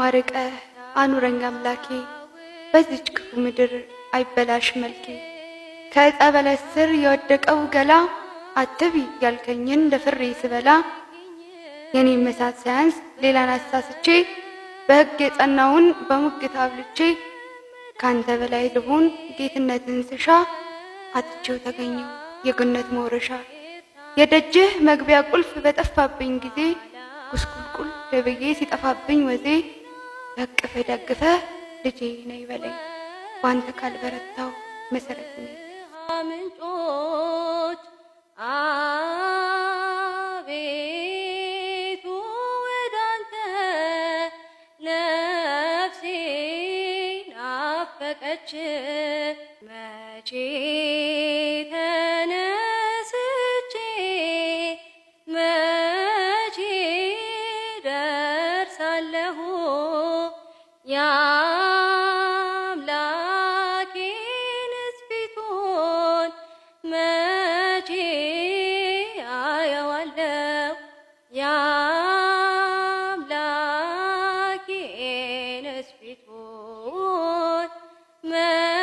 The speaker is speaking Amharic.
ማርቀ አኑረኝ አምላኬ በዚች ክፉ ምድር አይበላሽ መልኬ። ከዕፀ በለስ ስር የወደቀው ገላ አትቢ ያልከኝን ደፍሬ ስበላ የኔ መሳት ሳያንስ ሌላን አሳስቼ በሕግ የጸናውን በሙግት አብልቼ ካንተ በላይ ልሆን ጌትነትን ስሻ አትቼው ተገኘው የገነት መውረሻ የደጅህ መግቢያ ቁልፍ በጠፋብኝ ጊዜ ጉስቁልቁል ለብዬ ሲጠፋብኝ ወዜ ደግፈ ደግፈ ልጄ ነይ በለኝ በአንተ ካልበረታው መሰረት ምንጮች አቤቱ ወዳንተ ነፍሴ ናፈቀች መቼ ተነስቼ መቼ ደርሳለሁ يا أملاكي نسبتون مجيء يولوا يا أملاكي نسبتون مجيء